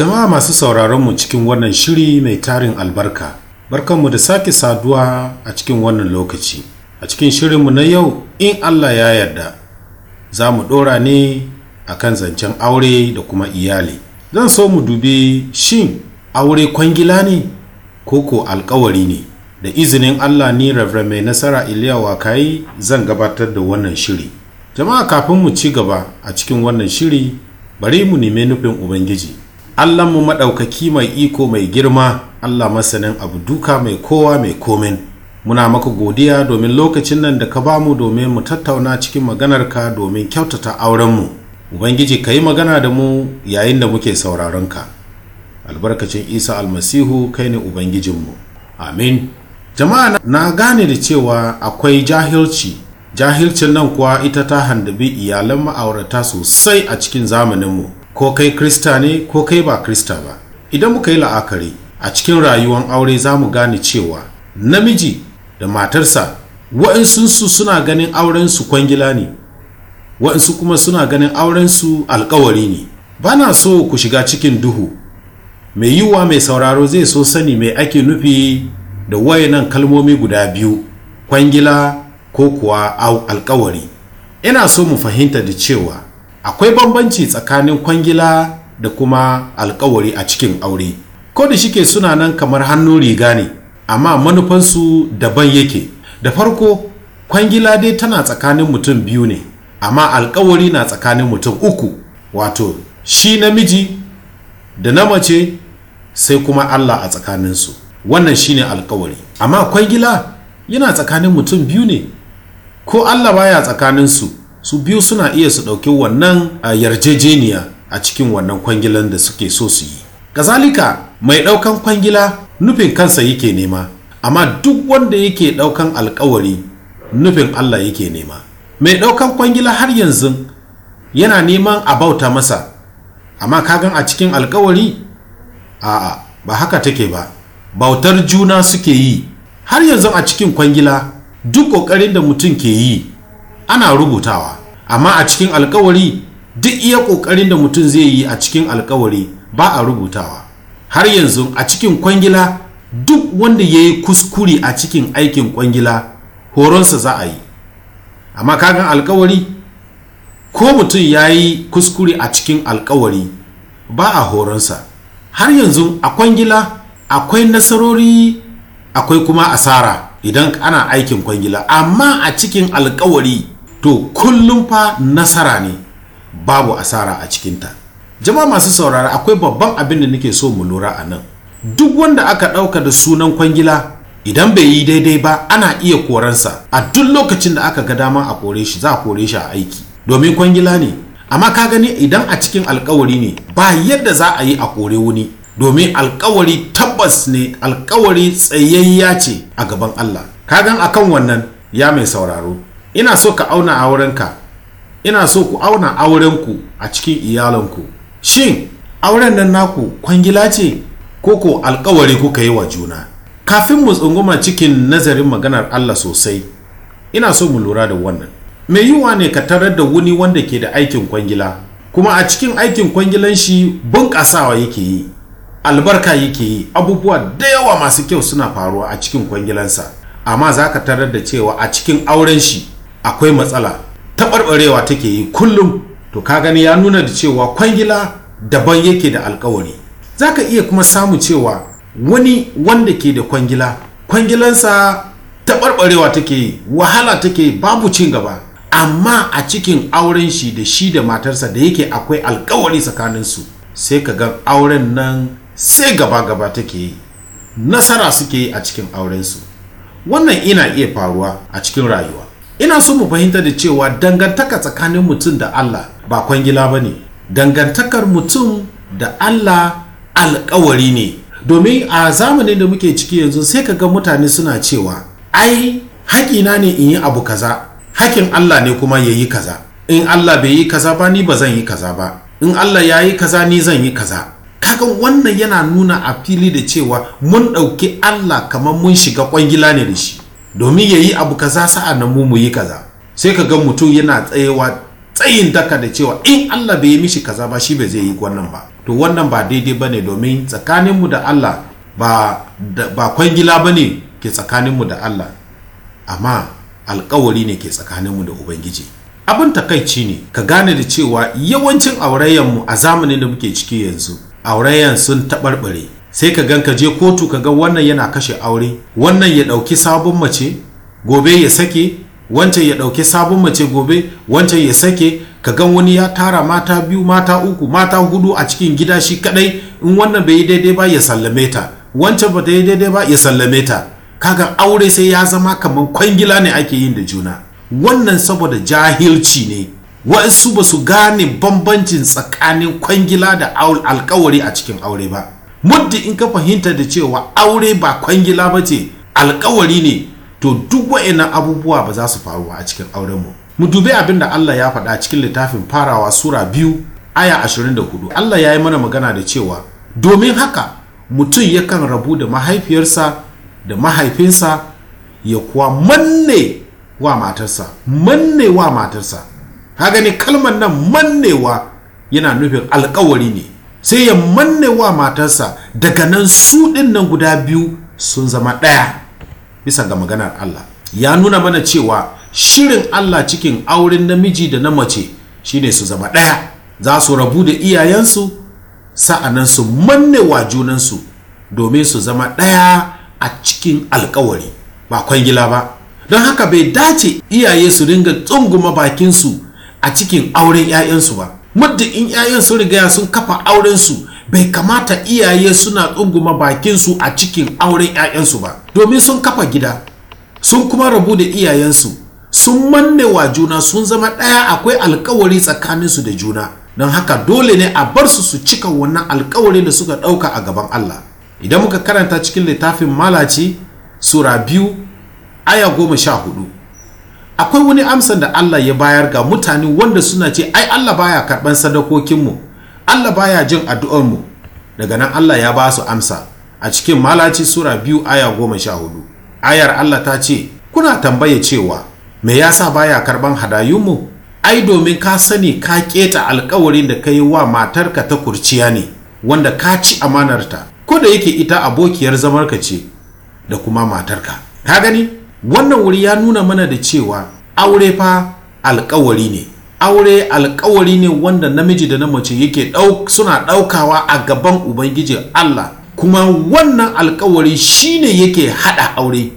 Jama'a masu sauraron mu cikin wannan shiri mai tarin albarka, barkanmu da sake saduwa a cikin wannan lokaci. A cikin shirinmu na yau, in Allah ya yarda, za mu ɗora ne a kan zancen aure da kuma iyali. Zan so mu dubi shin aure kwangila ne ko ko alkawari ne. Da izinin Allah ni Reverend mai nasara Iliya Wakayi zan gabatar da wannan shiri. Jama'a kafin mu ci gaba a cikin wannan shiri, bari mu nemi nufin Ubangiji. mu maɗaukaki mai iko mai girma, Allah masanin abu duka mai kowa mai komin. Muna maka godiya domin lokacin nan da ka bamu domin mu tattauna cikin maganarka domin kyautata aurenmu. Ubangiji ka yi magana da mu yayin da muke sauraron ka. Albarkacin Isa almasihu kai ne Ubangijinmu. Amin. Jama'a na gane da cewa akwai jahilci. Jahilcin nan kuwa ita ta handabi iyalan ma'aurata sosai a cikin zamaninmu. ko kai krista ne ko kai ba krista ba idan muka yi la'akari a cikin rayuwar aure za mu gane cewa namiji da matarsa wa'insunsu suna ganin aurensu kwangila ne wa'insu kuma suna ganin aurensu alkawari ne ba na so ku shiga cikin duhu mai yiwuwa mai sauraro zai so sani mai ake nufi da wayanan kalmomi guda biyu kwangila ko kuwa alkawari ina so mu fahimta da cewa akwai bambanci tsakanin kwangila da kuma alkawari a cikin aure ko da shike suna nan kamar hannun riga ne amma manufansu daban yake da farko kwangila dai tana tsakanin mutum biyu ne amma alkawari na tsakanin mutum uku wato shi namiji da na mace sai kuma allah a tsakaninsu wannan shine alkawari amma kwangila yana tsakanin mutum biyu ne ko allah baya tsakaninsu su biyu suna iya su ɗauki wannan a yarjejeniya a cikin wannan kwangilan da suke so su yi gazalika mai ɗaukan kwangila nufin kansa yake nema amma duk wanda yake ɗaukan alkawari nufin allah yake nema mai ɗaukan kwangila har yanzu yana neman a bauta masa amma kagan a cikin alkawari a'a ba haka take ba bautar juna suke yi har yanzu a cikin kwangila duk ƙoƙarin da mutum ke yi ana rubutawa amma a cikin alkawari duk iya ƙoƙarin da mutum zai yi a cikin alkawari ba a rubutawa har yanzu a cikin kwangila duk wanda ya yi kuskure a cikin aikin kwangila horonsa za a yi amma kagan alkawari ko mutum ya yi kuskure a cikin alkawari ba a horonsa har yanzu a kwangila akwai nasarori akwai kuma asara idan ana aikin kwangila amma a cikin alkawari to kullum fa nasara ne babu asara a cikinta jama'a masu saurara akwai babban abin da nake so mu lura a nan duk wanda aka ɗauka da sunan kwangila idan bai yi daidai ba ana iya koransa a duk lokacin da aka ga dama a kore shi za a kore shi a aiki domin kwangila ne amma ka gani idan a cikin alkawari ne ba yadda za a yi a kore wuni domin alkawari tabbas ne alkawari tsayayya ce a gaban Allah Ka gan akan wannan ya mai sauraro ina so ka auna aurenka ina so ku auna aurenku a cikin iyalanku shin auren nan naku kwangila ce ko ko alkawari kuka yi wa juna kafin mu tsunguma cikin nazarin maganar Allah sosai ina so mu lura da wannan mai yiwa ne ka tarar da wuni wanda ke da aikin kwangila kuma a cikin aikin kwangilan shi bunƙasawa yake yi albarka yake yi abubuwa da yawa masu kyau suna faruwa a cikin kwangilansa amma za ka tarar da cewa a cikin auren shi akwai matsala taɓarɓarewa take yi kullum to ka gani ya nuna da cewa kwangila daban yake da alkawari za ka iya kuma samu cewa wani wanda ke da kwangila kwangilansa taɓarɓarewa take yi wahala take yi babu cin gaba amma a cikin auren shi da shi da matarsa da yake akwai alkawari tsakaninsu sai ka ga auren nan sai gaba-gaba take yi nasara suke yi a cikin aurensu wannan ina iya faruwa a cikin rayuwa ina so mu fahimta da cewa dangantaka tsakanin mutum da allah ba kwangila ba ne dangantakar mutum da allah alkawari ne domin a zamanin da muke ciki yanzu sai ka ga mutane suna cewa ai haƙina ne in yi abu kaza hakin allah ne kuma ya yi kaza in allah bai yi kaza ba ni ba zan yi kaza ba in allah ya yi kaza ni zan yi kaza kaga wannan yana nuna a fili da cewa mun ɗauki Allah kamar mun shiga kwangila ne da shi domin ya yi abu kaza sa'a na mu yi kaza sai ka ga mutum yana tsayewa tsayin daka da cewa in eh, Allah bai yi mishi kaza ba shi bai zai yi wannan ba to wannan ba daidai ba ne domin tsakaninmu da Allah ba, kwangila ba ne ke tsakaninmu da Allah amma alkawari ne ke tsakaninmu da Ubangiji abin takaici ne ka gane da cewa yawancin aurayenmu a zamanin da muke ciki yanzu aurayen sun taɓarɓare sai ka gan ka je kotu ka ga wannan yana kashe aure wannan ya ɗauki sabon mace gobe ya sake wancan ya ɗauki sabon mace gobe wancan ya sake ka gan wani ya tara mata biyu mata uku mata hudu a cikin gida shi kadai in wannan bai yi daidai ba ya sallame ta wancan ba ta yi daidai ba ya sallame ta kaga aure sai ya zama kamar kwangila ne ake yin da juna wannan saboda jahilci ne wasu ba su gane bambancin tsakanin kwangila da alkawari a cikin aure ba muddi in ka fahimta da cewa aure ba kwangila ba ce alkawari ne to duk wa'annan abubuwa ba za su faru a cikin aurenmu mu dubi abin da Allah ya faɗa cikin littafin farawa sura biyu aya ashirin da hudu Allah ya yi mana magana da cewa domin haka mutum yakan rabu da mahaifiyarsa da mahaifinsa ya kuwa manne wa matarsa manne wa matarsa hagani gani kalmar nan mannewa yana nufin alkawari ne sai ya manne wa matarsa daga nan su ɗin nan guda biyu sun zama ɗaya bisa ga maganar Allah ya nuna mana cewa shirin Allah cikin auren namiji da na mace shine su zama ɗaya za su rabu da iyayensu sa'anan su manne wa junansu domin su zama ɗaya a cikin alkawari ba kwangila ba don haka bai dace iyaye su dinga tsunguma bakinsu a cikin auren 'ya'yansu ba muddin in 'ya'yan sun rigaya sun kafa aurensu bai kamata iyaye suna tsunguma su a cikin auren 'ya'yansu ba domin sun kafa gida sun kuma rabu da iyayensu sun manne wa juna sun zama ɗaya akwai alkawari tsakaninsu da juna don haka dole ne a bar su su cika wannan alkawari da suka ɗauka a gaban Allah idan muka karanta cikin littafin malaci sura biyu aya goma sha hudu akwai wani amsan da Allah ya bayar ga mutane wanda suna ce ai Allah baya karban sadakokinmu Allah baya jin addu'armu daga nan Allah ya ba su amsa a cikin malaci sura biyu aya goma sha hudu ayar Allah ta ce kuna tambaye cewa me yasa baya karban hadayunmu ai domin ka sani ka keta alkawarin da ka yi wa matarka ta kurciya ne wanda ka ci amanarta ko da yake ita abokiyar zamarka ce da kuma matarka ka gani wannan wuri ya nuna mana da cewa aure fa alkawari ne aure alkawari ne wanda namiji da na mace yake suna ɗaukawa a gaban ubangiji allah kuma wannan alkawari shine yake haɗa aure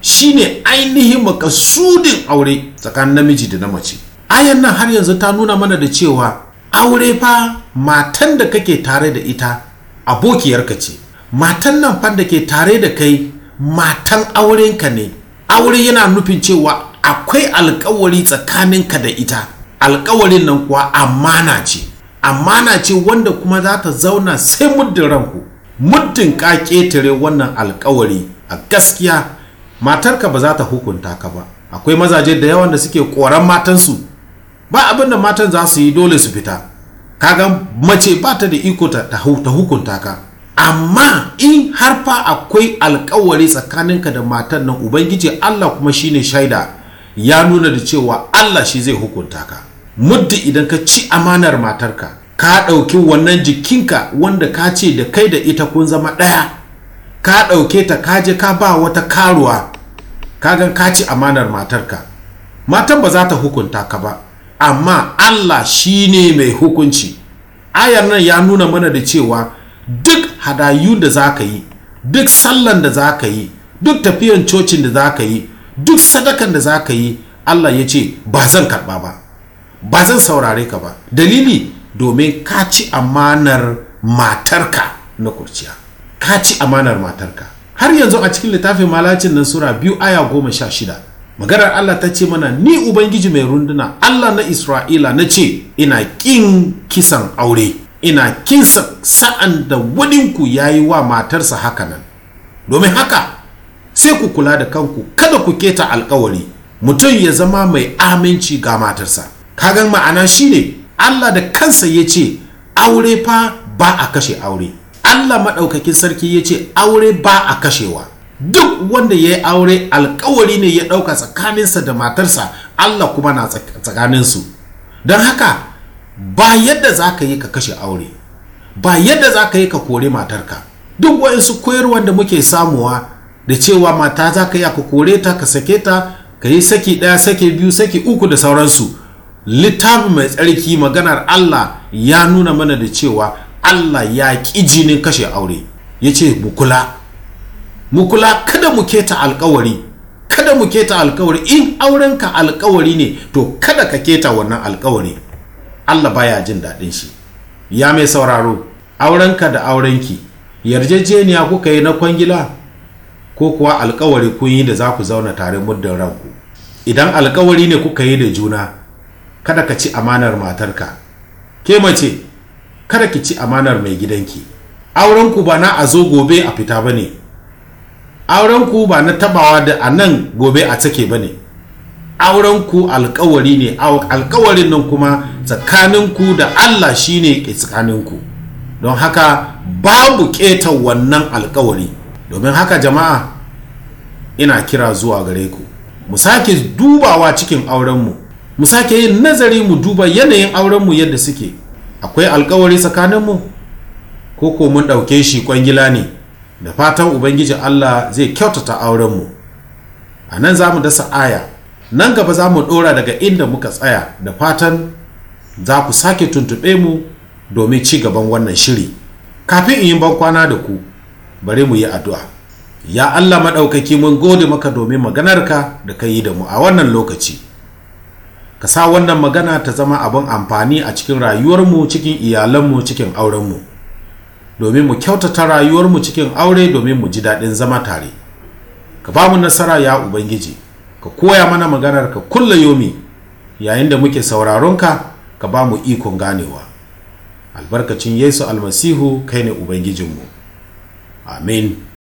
shine ainihin makasudin aure tsakanin namiji da na mace ayan nan har yanzu ta nuna mana da cewa aure fa matan da kake tare da ita abokiyarka ce matan nan fa da ke tare da kai matan aurenka ne aure yana nufin cewa akwai alkawari tsakaninka da ita alkawarin nan kuwa amana ce amana ce wanda kuma za ta zauna sai muddin ranku muddin ka ketare wannan alkawari a gaskiya matarka ba za ta hukunta ka ba akwai mazaje da yawan da suke koran matansu ba abin da matan za su yi dole su fita kaga mace ba ta da iko ta hukunta ka amma in har fa akwai alkawari tsakaninka da matan nan ubangiji Allah kuma shine shaida ya nuna da cewa Allah shi zai hukunta ka muddi idan ka ci amanar matarka ka ɗauki wannan jikinka wanda ka ce da kai da ita kun zama ɗaya ka ɗauke ta ka je ka ba wata karuwa ka gan ka ci amanar matarka matan ba za ta hukunta ka ba amma Allah shi ne mai hukunci ayar nan ya nuna mana da cewa duk hadayu da za ka yi duk sallan da za ka yi duk tafiyan cocin da za ka yi duk sadakan da za ka yi allah ya ce ba zan karɓa ba ba zan saurare ka ba dalili domin ka ci amanar matarka na kurciya ka ci amanar matarka har yanzu a cikin littafin malacin nan sura biyu aya goma sha shida maganar allah ta ce mana ni ubangiji mai runduna allah na isra'ila na ce ina ƙin kisan aure ina kinsa sa'an da waninku ya yi wa matarsa haka nan domin haka sai ku kula da kanku kada ku keta alkawari mutum ya zama mai aminci ga matarsa kagan ma'ana shi ne allah da kansa ya ce aure fa ba a kashe aure allah maɗaukakin sarki ya ce aure ba a kashewa duk wanda ya yi aure alkawari ne ya ɗauka tsakaninsa da matarsa allah kuma na tsakaninsu don haka ba yadda za ka yi ka kashe aure ba yadda za ka yi ka kore matarka duk waɗansu koyarwar da muke samuwa da cewa mata za ka yi ka kore ta ka sake ta ka yi saki ɗaya saki biyu saki uku da sauransu littafin mai tsarki maganar allah ya nuna mana da cewa allah ya ƙi jinin kashe aure ya ce mukula mukula kada mu keta alkawari kada mu keta alkawari in aurenka alkawari ne to kada ka keta wannan alkawari Allah baya jin daɗin shi ya mai sauraro aurenka da aurenki yarjejeniya kuka yi na kwangila ko kuwa alkawari kun yi da za ku zauna tare muddin ranku idan alkawari ne kuka yi da juna kada ka ci amanar matarka ke mace kada ki ci amanar mai gidanki aurenku ba na a zo gobe a fita ba ne aurenku ba na tabawa da a nan gobe a take ba ne aurenku alkawari ne alkawarin nan kuma tsakaninku da Allah shine tsakaninku don haka babu keta wannan alkawari domin haka jama'a ina kira zuwa gare ku mu sake dubawa cikin aurenmu mu sake yin nazari mu duba yanayin aurenmu yadda suke akwai alkawari tsakaninmu ko ko mun ɗauke shi kwangila ne da fatan ubangiji Allah zai kyautata aurenmu a nan za mu dasa aya nan gaba za mu ɗora daga inda muka tsaya da fatan za ku sake tuntuɓe mu domin ci gaban wannan shiri kafin in yi bankwana da ku bari mu yi addu'a ya allah maɗaukaki mun gode maka domin maganarka da ka yi da mu a wannan lokaci ka sa wannan magana ta zama abin amfani a cikin rayuwarmu cikin iyalanmu cikin aurenmu domin mu kyautata rayuwarmu cikin aure domin mu ji daɗin zama tare ka ba mu nasara ya ubangiji ka koya mana maganar ka kulla yomi yayin da muke sauraronka ka ba mu ikon ganewa albarkacin yesu almasihu kai ne ubangijinmu amin